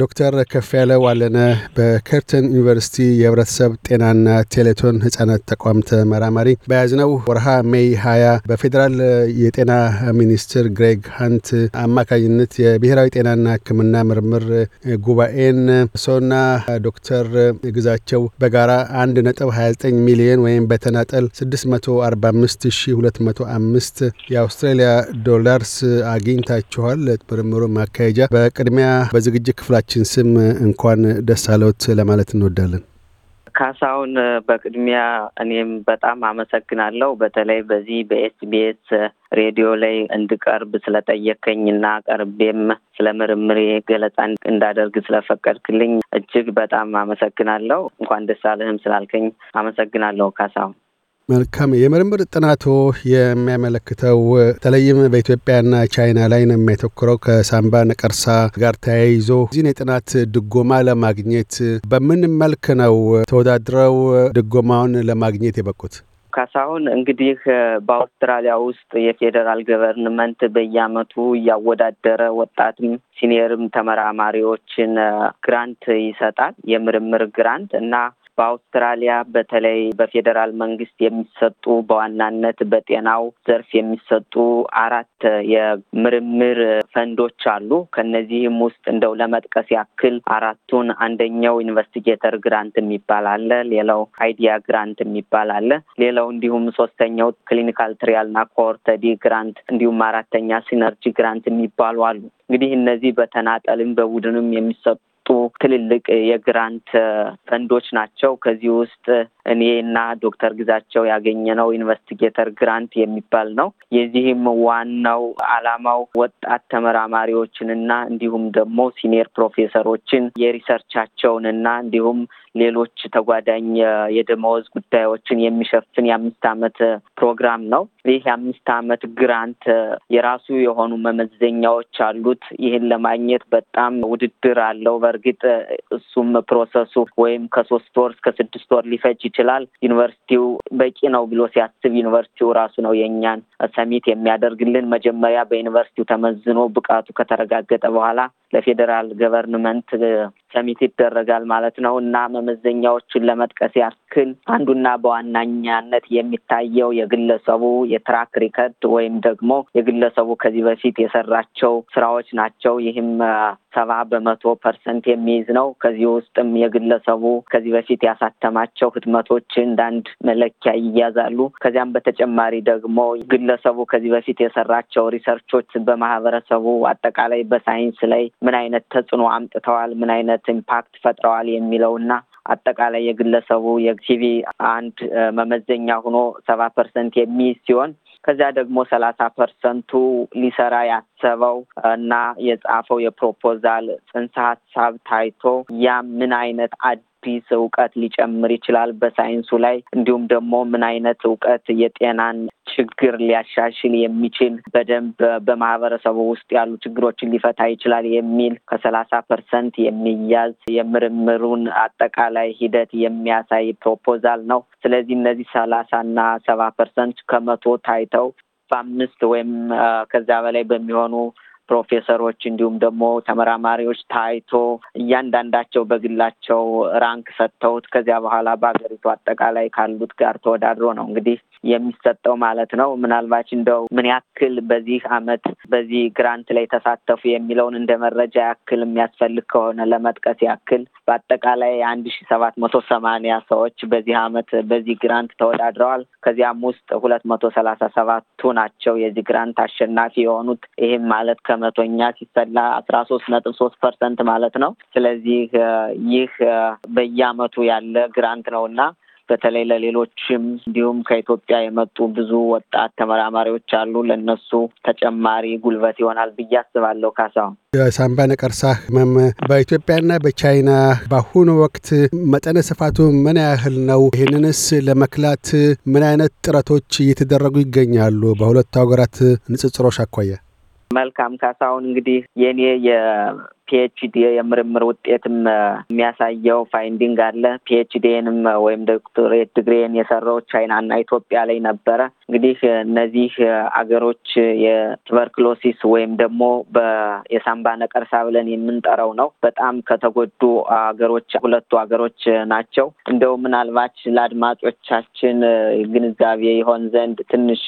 ዶክተር ከፍ ያለ አለነ በከርተን ዩኒቨርሲቲ የህብረተሰብ ጤናና ቴሌቶን ህጻናት ተቋም ተመራማሪ፣ በያዝነው ወርሃ ሜይ 20 በፌዴራል የጤና ሚኒስትር ግሬግ ሀንት አማካኝነት የብሔራዊ ጤናና ህክምና ምርምር ጉባኤን ሰውና ዶክተር ግዛቸው በጋራ ነ29 ሚሊዮን ወይም በተናጠል 645205 የአውስትራሊያ ዶላርስ አግኝታችኋል። ምርምሩ ማካሄጃ በቅድሚያ በዝግጅት ክፍላቸው በሁላችን ስም እንኳን ደስ አለዎት ለማለት እንወዳለን። ካሳሁን፣ በቅድሚያ እኔም በጣም አመሰግናለሁ። በተለይ በዚህ በኤስቢኤስ ሬዲዮ ላይ እንድቀርብ ስለጠየከኝ እና ቀርቤም ስለ ምርምሬ ገለጻ እንዳደርግ ስለፈቀድክልኝ እጅግ በጣም አመሰግናለሁ። እንኳን ደስ አለህም ስላልከኝ አመሰግናለሁ ካሳሁን። መልካም የምርምር ጥናቱ የሚያመለክተው በተለይም በኢትዮጵያና ቻይና ላይ ነው የሚያተኩረው። ከሳምባ ነቀርሳ ጋር ተያይዞ እዚህን የጥናት ድጎማ ለማግኘት በምን መልክ ነው ተወዳድረው ድጎማውን ለማግኘት የበቁት? ካሳሁን እንግዲህ በአውስትራሊያ ውስጥ የፌዴራል ገቨርንመንት በየአመቱ እያወዳደረ ወጣትም ሲኒየርም ተመራማሪዎችን ግራንት ይሰጣል፣ የምርምር ግራንት እና በአውስትራሊያ በተለይ በፌዴራል መንግስት የሚሰጡ በዋናነት በጤናው ዘርፍ የሚሰጡ አራት የምርምር ፈንዶች አሉ። ከነዚህም ውስጥ እንደው ለመጥቀስ ያክል አራቱን አንደኛው ኢንቨስቲጌተር ግራንት የሚባል አለ። ሌላው አይዲያ ግራንት የሚባል አለ። ሌላው እንዲሁም ሶስተኛው ክሊኒካል ትሪያልና ኮርተዲ ግራንት እንዲሁም አራተኛ ሲነርጂ ግራንት የሚባሉ አሉ። እንግዲህ እነዚህ በተናጠልም በቡድንም የሚሰጡ ትልልቅ የግራንት ፈንዶች ናቸው። ከዚህ ውስጥ እኔ እና ዶክተር ግዛቸው ያገኘነው ኢንቨስቲጌተር ግራንት የሚባል ነው። የዚህም ዋናው ዓላማው ወጣት ተመራማሪዎችንና እንዲሁም ደግሞ ሲኒየር ፕሮፌሰሮችን የሪሰርቻቸውንና እንዲሁም ሌሎች ተጓዳኝ የደመወዝ ጉዳዮችን የሚሸፍን የአምስት ዓመት ፕሮግራም ነው። ይህ የአምስት ዓመት ግራንት የራሱ የሆኑ መመዘኛዎች አሉት። ይህን ለማግኘት በጣም ውድድር አለው። በእርግጥ እሱም ፕሮሰሱ ወይም ከሶስት ወር እስከ ስድስት ወር ሊፈጅ ይችላል። ዩኒቨርሲቲው በቂ ነው ብሎ ሲያስብ ዩኒቨርሲቲው ራሱ ነው የእኛን ሰሚት የሚያደርግልን። መጀመሪያ በዩኒቨርሲቲው ተመዝኖ ብቃቱ ከተረጋገጠ በኋላ ለፌዴራል ገቨርንመንት ሰሚት ይደረጋል ማለት ነው እና መመዘኛዎችን ለመጥቀስ ያክል አንዱና በዋናኛነት የሚታየው የግለሰቡ የትራክ ሪከርድ ወይም ደግሞ የግለሰቡ ከዚህ በፊት የሰራቸው ስራዎች ናቸው። ይህም ሰባ በመቶ ፐርሰንት የሚይዝ ነው። ከዚህ ውስጥም የግለሰቡ ከዚህ በፊት ያሳተማቸው ህትመቶች እንደ አንድ መለኪያ ይያዛሉ። ከዚያም በተጨማሪ ደግሞ ግለሰቡ ከዚህ በፊት የሰራቸው ሪሰርቾች በማህበረሰቡ አጠቃላይ በሳይንስ ላይ ምን አይነት ተጽዕኖ አምጥተዋል፣ ምን አይነት ኢምፓክት ፈጥረዋል የሚለው እና አጠቃላይ የግለሰቡ የሲቪ አንድ መመዘኛ ሆኖ ሰባ ፐርሰንት የሚይዝ ሲሆን ከዚያ ደግሞ ሰላሳ ፐርሰንቱ ሊሰራ ያሰበው እና የጻፈው የፕሮፖዛል ጽንሰ ሀሳብ ታይቶ ያ ምን አይነት ፒስ እውቀት ሊጨምር ይችላል በሳይንሱ ላይ እንዲሁም ደግሞ ምን አይነት እውቀት የጤናን ችግር ሊያሻሽል የሚችል በደንብ በማህበረሰቡ ውስጥ ያሉ ችግሮችን ሊፈታ ይችላል የሚል ከሰላሳ ፐርሰንት የሚያዝ የምርምሩን አጠቃላይ ሂደት የሚያሳይ ፕሮፖዛል ነው። ስለዚህ እነዚህ ሰላሳ እና ሰባ ፐርሰንት ከመቶ ታይተው በአምስት ወይም ከዚያ በላይ በሚሆኑ ፕሮፌሰሮች እንዲሁም ደግሞ ተመራማሪዎች ታይቶ እያንዳንዳቸው በግላቸው ራንክ ሰጥተውት ከዚያ በኋላ በሀገሪቱ አጠቃላይ ካሉት ጋር ተወዳድሮ ነው እንግዲህ የሚሰጠው ማለት ነው። ምናልባች እንደው ምን ያክል በዚህ አመት በዚህ ግራንት ላይ ተሳተፉ የሚለውን እንደ መረጃ ያክል የሚያስፈልግ ከሆነ ለመጥቀስ ያክል በአጠቃላይ አንድ ሺ ሰባት መቶ ሰማኒያ ሰዎች በዚህ አመት በዚህ ግራንት ተወዳድረዋል። ከዚያም ውስጥ ሁለት መቶ ሰላሳ ሰባቱ ናቸው የዚህ ግራንት አሸናፊ የሆኑት። ይህም ማለት ከ ከመቶኛ ሲሰላ አስራ ሶስት ነጥብ ሶስት ፐርሰንት ማለት ነው። ስለዚህ ይህ በየአመቱ ያለ ግራንት ነው እና በተለይ ለሌሎችም እንዲሁም ከኢትዮጵያ የመጡ ብዙ ወጣት ተመራማሪዎች አሉ። ለእነሱ ተጨማሪ ጉልበት ይሆናል ብዬ አስባለሁ። ካሳሁን፣ የሳምባ ነቀርሳ ህመም በኢትዮጵያና በቻይና በአሁኑ ወቅት መጠነ ስፋቱ ምን ያህል ነው? ይህንንስ ለመክላት ምን አይነት ጥረቶች እየተደረጉ ይገኛሉ? በሁለቱ ሀገራት ንጽጽሮች አኳያ መልካም ካሳሁን፣ እንግዲህ የኔ የፒኤችዲ የምርምር ውጤትም የሚያሳየው ፋይንዲንግ አለ። ፒኤችዲንም ወይም ዶክቶሬት ዲግሪን የሰራው እና ኢትዮጵያ ላይ ነበረ። እንግዲህ እነዚህ አገሮች የቱበርክሎሲስ ወይም ደግሞ የሳምባ ነቀርሳ ብለን የምንጠራው ነው በጣም ከተጎዱ አገሮች ሁለቱ አገሮች ናቸው። እንደው ምናልባት ለአድማጮቻችን ግንዛቤ ይሆን ዘንድ ትንሽ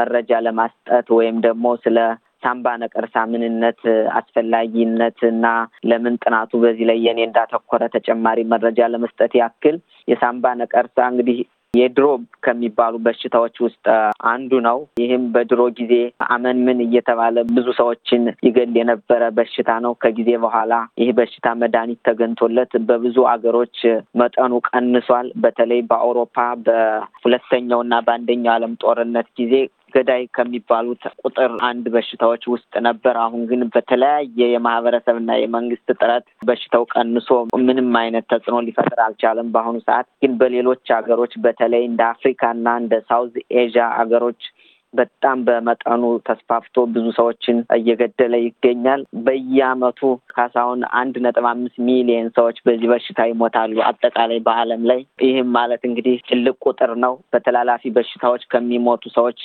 መረጃ ለማስጠት ወይም ደግሞ ስለ ሳምባ ነቀርሳ ምንነት አስፈላጊነት እና ለምን ጥናቱ በዚህ ላይ የኔ እንዳተኮረ ተጨማሪ መረጃ ለመስጠት ያክል የሳምባ ነቀርሳ እንግዲህ የድሮ ከሚባሉ በሽታዎች ውስጥ አንዱ ነው። ይህም በድሮ ጊዜ አመን ምን እየተባለ ብዙ ሰዎችን ይገል የነበረ በሽታ ነው። ከጊዜ በኋላ ይህ በሽታ መድኃኒት ተገኝቶለት በብዙ አገሮች መጠኑ ቀንሷል። በተለይ በአውሮፓ በሁለተኛው እና በአንደኛው ዓለም ጦርነት ጊዜ ገዳይ ከሚባሉት ቁጥር አንድ በሽታዎች ውስጥ ነበር። አሁን ግን በተለያየ የማህበረሰብና የመንግስት ጥረት በሽታው ቀንሶ ምንም አይነት ተጽዕኖ ሊፈጥር አልቻለም። በአሁኑ ሰዓት ግን በሌሎች ሀገሮች በተለይ እንደ አፍሪካና እንደ ሳውዝ ኤዥያ ሀገሮች በጣም በመጠኑ ተስፋፍቶ ብዙ ሰዎችን እየገደለ ይገኛል። በየአመቱ ካሳሁን አንድ ነጥብ አምስት ሚሊየን ሰዎች በዚህ በሽታ ይሞታሉ አጠቃላይ በዓለም ላይ። ይህም ማለት እንግዲህ ትልቅ ቁጥር ነው። በተላላፊ በሽታዎች ከሚሞቱ ሰዎች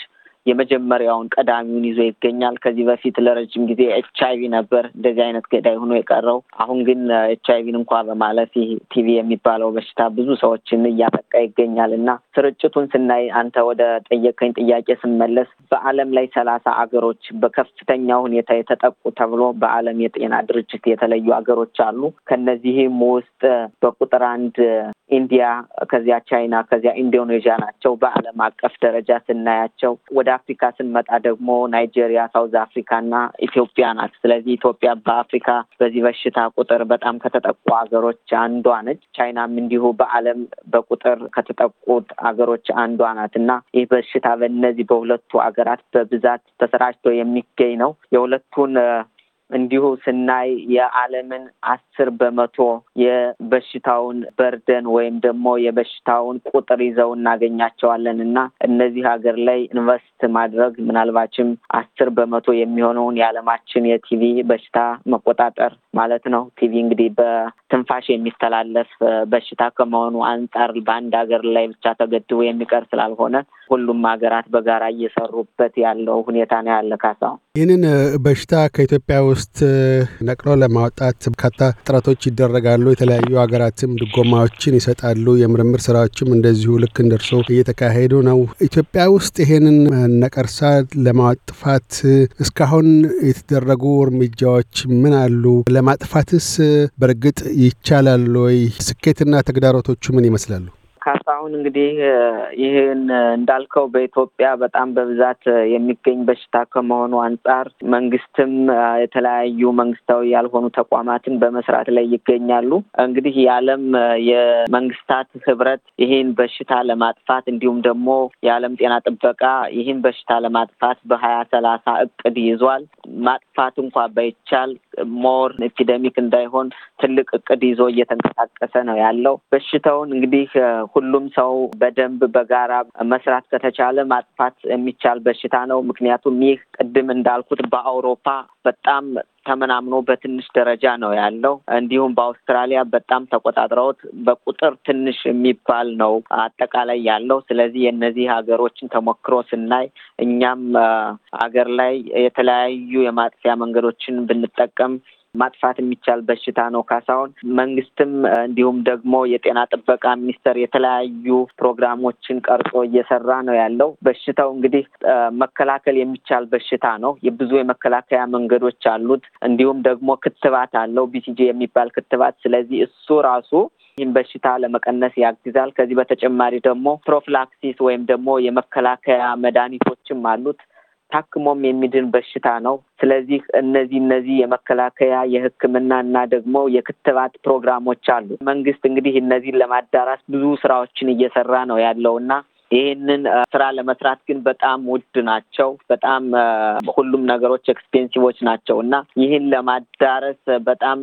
የመጀመሪያውን ቀዳሚውን ይዞ ይገኛል። ከዚህ በፊት ለረጅም ጊዜ ኤች አይቪ ነበር እንደዚህ አይነት ገዳይ ሆኖ የቀረው። አሁን ግን ኤች አይቪን እንኳ በማለፍ ቲቪ የሚባለው በሽታ ብዙ ሰዎችን እያጠቃ ይገኛል እና ስርጭቱን ስናይ አንተ ወደ ጠየቀኝ ጥያቄ ስመለስ በዓለም ላይ ሰላሳ አገሮች በከፍተኛ ሁኔታ የተጠቁ ተብሎ በዓለም የጤና ድርጅት የተለዩ አገሮች አሉ። ከነዚህም ውስጥ በቁጥር አንድ ኢንዲያ፣ ከዚያ ቻይና፣ ከዚያ ኢንዶኔዥያ ናቸው። በዓለም አቀፍ ደረጃ ስናያቸው ወደ ወደ አፍሪካ ስንመጣ ደግሞ ናይጄሪያ፣ ሳውዝ አፍሪካ እና ኢትዮጵያ ናት። ስለዚህ ኢትዮጵያ በአፍሪካ በዚህ በሽታ ቁጥር በጣም ከተጠቁ ሀገሮች አንዷ ነች። ቻይናም እንዲሁ በዓለም በቁጥር ከተጠቁት ሀገሮች አንዷ ናት እና ይህ በሽታ በእነዚህ በሁለቱ ሀገራት በብዛት ተሰራጭቶ የሚገኝ ነው። የሁለቱን እንዲሁ ስናይ የዓለምን አስር በመቶ የበሽታውን በርደን ወይም ደግሞ የበሽታውን ቁጥር ይዘው እናገኛቸዋለን እና እነዚህ ሀገር ላይ ኢንቨስት ማድረግ ምናልባችም አስር በመቶ የሚሆነውን የዓለማችን የቲቪ በሽታ መቆጣጠር ማለት ነው። ቲቪ እንግዲህ በትንፋሽ የሚተላለፍ በሽታ ከመሆኑ አንጻር በአንድ ሀገር ላይ ብቻ ተገድቦ የሚቀር ስላልሆነ ሁሉም ሀገራት በጋራ እየሰሩበት ያለው ሁኔታ ነው ያለ። ካሳ። ይህንን በሽታ ከኢትዮጵያ ውስጥ ነቅሎ ለማውጣት በርካታ ጥረቶች ይደረጋሉ። የተለያዩ ሀገራትም ድጎማዎችን ይሰጣሉ። የምርምር ስራዎችም እንደዚሁ ልክ እንደርሶ እየተካሄዱ ነው። ኢትዮጵያ ውስጥ ይህንን ነቀርሳ ለማጥፋት እስካሁን የተደረጉ እርምጃዎች ምን አሉ? ለማጥፋትስ በእርግጥ ይቻላል ወይ? ስኬትና ተግዳሮቶቹ ምን ይመስላሉ? አሁን እንግዲህ ይህን እንዳልከው በኢትዮጵያ በጣም በብዛት የሚገኝ በሽታ ከመሆኑ አንጻር መንግስትም የተለያዩ መንግስታዊ ያልሆኑ ተቋማትን በመስራት ላይ ይገኛሉ። እንግዲህ የዓለም የመንግስታት ህብረት ይህን በሽታ ለማጥፋት እንዲሁም ደግሞ የዓለም ጤና ጥበቃ ይህን በሽታ ለማጥፋት በሀያ ሰላሳ እቅድ ይዟል። ማጥፋት እንኳ ባይቻል ሞር ኤፒደሚክ እንዳይሆን ትልቅ እቅድ ይዞ እየተንቀሳቀሰ ነው ያለው። በሽታውን እንግዲህ ሁሉ ሁሉም ሰው በደንብ በጋራ መስራት ከተቻለ ማጥፋት የሚቻል በሽታ ነው። ምክንያቱም ይህ ቅድም እንዳልኩት በአውሮፓ በጣም ተመናምኖ በትንሽ ደረጃ ነው ያለው። እንዲሁም በአውስትራሊያ በጣም ተቆጣጥረውት በቁጥር ትንሽ የሚባል ነው አጠቃላይ ያለው። ስለዚህ የእነዚህ ሀገሮችን ተሞክሮ ስናይ እኛም ሀገር ላይ የተለያዩ የማጥፊያ መንገዶችን ብንጠቀም ማጥፋት የሚቻል በሽታ ነው። ካሳሁን መንግስትም እንዲሁም ደግሞ የጤና ጥበቃ ሚኒስቴር የተለያዩ ፕሮግራሞችን ቀርጾ እየሰራ ነው ያለው። በሽታው እንግዲህ መከላከል የሚቻል በሽታ ነው። ብዙ የመከላከያ መንገዶች አሉት። እንዲሁም ደግሞ ክትባት አለው ቢሲጂ የሚባል ክትባት። ስለዚህ እሱ ራሱ ይህን በሽታ ለመቀነስ ያግዛል። ከዚህ በተጨማሪ ደግሞ ፕሮፍላክሲስ ወይም ደግሞ የመከላከያ መድኃኒቶችም አሉት። ታክሞም የሚድን በሽታ ነው። ስለዚህ እነዚህ እነዚህ የመከላከያ የሕክምና እና ደግሞ የክትባት ፕሮግራሞች አሉ። መንግስት እንግዲህ እነዚህን ለማዳራስ ብዙ ስራዎችን እየሰራ ነው ያለው እና ይህንን ስራ ለመስራት ግን በጣም ውድ ናቸው። በጣም ሁሉም ነገሮች ኤክስፔንሲቮች ናቸው እና ይህን ለማዳረስ በጣም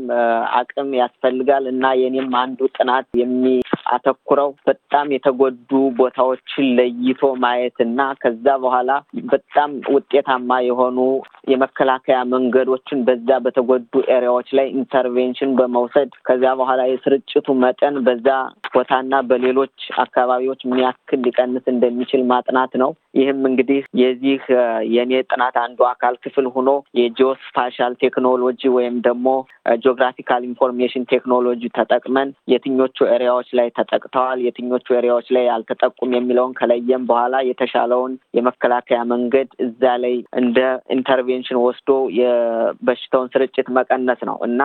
አቅም ያስፈልጋል እና የኔም አንዱ ጥናት የሚ አተኩረው በጣም የተጎዱ ቦታዎችን ለይቶ ማየት እና ከዛ በኋላ በጣም ውጤታማ የሆኑ የመከላከያ መንገዶችን በዛ በተጎዱ ኤሪያዎች ላይ ኢንተርቬንሽን በመውሰድ ከዚያ በኋላ የስርጭቱ መጠን በዛ ቦታና በሌሎች አካባቢዎች ምን ያክል ሊቀንስ እንደሚችል ማጥናት ነው። ይህም እንግዲህ የዚህ የኔ ጥናት አንዱ አካል ክፍል ሆኖ የጂኦስፓሻል ቴክኖሎጂ ወይም ደግሞ ጂኦግራፊካል ኢንፎርሜሽን ቴክኖሎጂ ተጠቅመን የትኞቹ ኤሪያዎች ላይ ተጠቅተዋል፣ የትኞቹ ኤሪያዎች ላይ አልተጠቁም የሚለውን ከለየም በኋላ የተሻለውን የመከላከያ መንገድ እዛ ላይ እንደ ኢንተርቬንሽን ወስዶ የበሽታውን ስርጭት መቀነስ ነው እና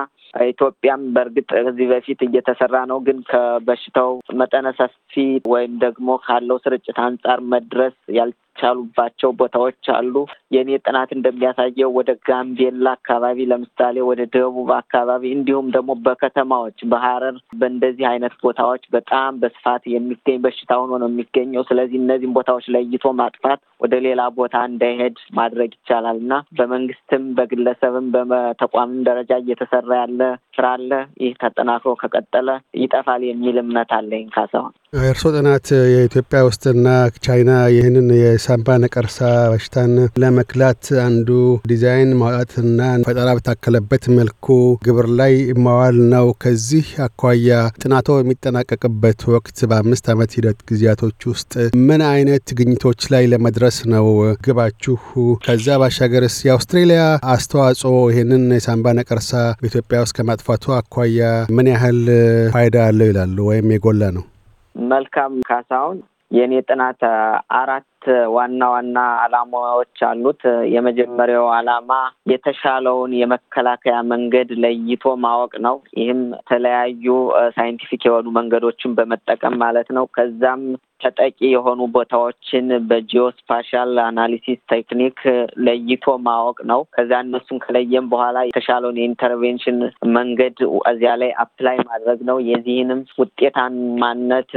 ኢትዮጵያም በእርግጥ ከዚህ በፊት እየተሰራ ነው፣ ግን ከበሽታው መጠነ ሰፊ ወይም ደግሞ ካለው ስርጭት አንጻር መድረስ ያልቻሉባቸው ቦታዎች አሉ። የእኔ ጥናት እንደሚያሳየው ወደ ጋምቤላ አካባቢ ለምሳሌ፣ ወደ ደቡብ አካባቢ እንዲሁም ደግሞ በከተማዎች በሀረር በእንደዚህ አይነት ቦታዎች በጣም በስፋት የሚገኝ በሽታ ሆኖ ነው የሚገኘው። ስለዚህ እነዚህም ቦታዎች ለይቶ ማጥፋት ወደ ሌላ ቦታ እንዳይሄድ ማድረግ ይቻላል እና በመንግስትም በግለሰብም በተቋምም ደረጃ እየተሰራ ያለ አለ፣ ስራ አለ። ይህ ተጠናክሮ ከቀጠለ ይጠፋል የሚል እምነት አለኝ። ካሳሁን እርሶ ጥናት የኢትዮጵያ ውስጥና ቻይና ይህንን የሳምባ ነቀርሳ በሽታን ለመክላት አንዱ ዲዛይን ማውጣትና ፈጠራ በታከለበት መልኩ ግብር ላይ ማዋል ነው። ከዚህ አኳያ ጥናቶ የሚጠናቀቅበት ወቅት በአምስት ዓመት ሂደት ጊዜያቶች ውስጥ ምን አይነት ግኝቶች ላይ ለመድረስ ነው ግባችሁ? ከዛ ባሻገርስ የአውስትሬሊያ አስተዋጽኦ ይህንን የሳምባ ነቀርሳ በኢትዮጵያ ውስጥ ከማጥፋቱ አኳያ ምን ያህል ፋይዳ አለው ይላሉ ወይም የጎላ ነው? መልካም ካሳሁን የእኔ ጥናት አራት ዋና ዋና አላማዎች አሉት። የመጀመሪያው አላማ የተሻለውን የመከላከያ መንገድ ለይቶ ማወቅ ነው። ይህም የተለያዩ ሳይንቲፊክ የሆኑ መንገዶችን በመጠቀም ማለት ነው። ከዛም ተጠቂ የሆኑ ቦታዎችን በጂኦስፓሻል አናሊሲስ ቴክኒክ ለይቶ ማወቅ ነው። ከዚያ እነሱን ከለየም በኋላ የተሻለውን የኢንተርቬንሽን መንገድ እዚያ ላይ አፕላይ ማድረግ ነው። የዚህንም ውጤታማነት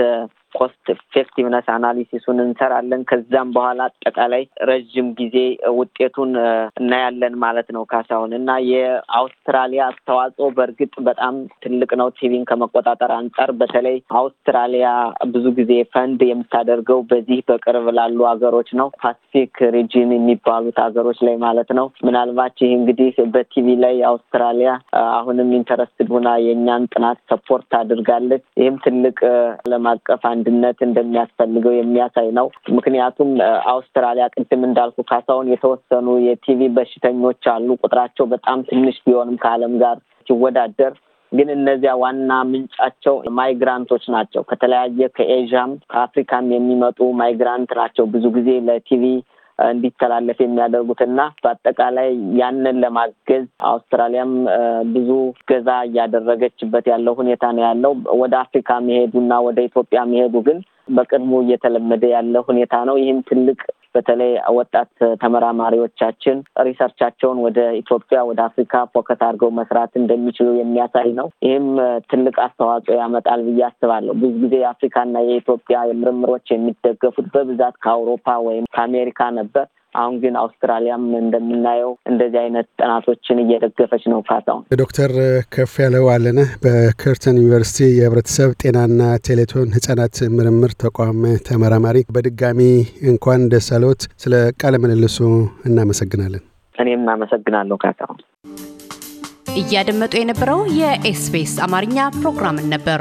ኮስት ኢፌክቲቭነስ አናሊሲሱን እንሰራለን። ከዛም በኋላ አጠቃላይ ረዥም ጊዜ ውጤቱን እናያለን ማለት ነው። ካሳሁን እና የአውስትራሊያ አስተዋጽኦ በእርግጥ በጣም ትልቅ ነው። ቲቪን ከመቆጣጠር አንጻር በተለይ አውስትራሊያ ብዙ ጊዜ ፈንድ የምታደርገው በዚህ በቅርብ ላሉ ሀገሮች ነው፣ ፓሲፊክ ሪጂን የሚባሉት ሀገሮች ላይ ማለት ነው። ምናልባት ይህ እንግዲህ በቲቪ ላይ አውስትራሊያ አሁንም ኢንተረስትድ ሆና የእኛን ጥናት ሰፖርት አድርጋለች። ይህም ትልቅ ዓለም አቀፍ አንድ አንድነት እንደሚያስፈልገው የሚያሳይ ነው። ምክንያቱም አውስትራሊያ ቅድም እንዳልኩ ካሳሁን የተወሰኑ የቲቪ በሽተኞች አሉ። ቁጥራቸው በጣም ትንሽ ቢሆንም ከዓለም ጋር ሲወዳደር ግን እነዚያ ዋና ምንጫቸው ማይግራንቶች ናቸው። ከተለያየ ከኤዥያም ከአፍሪካም የሚመጡ ማይግራንት ናቸው ብዙ ጊዜ ለቲቪ እንዲተላለፍ የሚያደርጉትና በአጠቃላይ ያንን ለማገዝ አውስትራሊያም ብዙ ገዛ እያደረገችበት ያለው ሁኔታ ነው ያለው። ወደ አፍሪካ መሄዱና ወደ ኢትዮጵያ መሄዱ ግን በቅድሙ እየተለመደ ያለ ሁኔታ ነው። ይህም ትልቅ በተለይ ወጣት ተመራማሪዎቻችን ሪሰርቻቸውን ወደ ኢትዮጵያ፣ ወደ አፍሪካ ፎከስ አድርገው መስራት እንደሚችሉ የሚያሳይ ነው። ይህም ትልቅ አስተዋጽኦ ያመጣል ብዬ አስባለሁ። ብዙ ጊዜ የአፍሪካና የኢትዮጵያ ምርምሮች የሚደገፉት በብዛት ከአውሮፓ ወይም ከአሜሪካ ነበር። አሁን ግን አውስትራሊያም እንደምናየው እንደዚህ አይነት ጥናቶችን እየደገፈች ነው። ካሳሁን ዶክተር ከፍ ያለው አለነህ በከርተን ዩኒቨርሲቲ የህብረተሰብ ጤናና ቴሌቶን ህጻናት ምርምር ተቋም ተመራማሪ፣ በድጋሚ እንኳን ደስ አለዎት። ስለ ቃለ ምልልሱ እናመሰግናለን። እኔም አመሰግናለሁ ካሳሁን። እያደመጡ የነበረው የኤስቢኤስ አማርኛ ፕሮግራምን ነበር።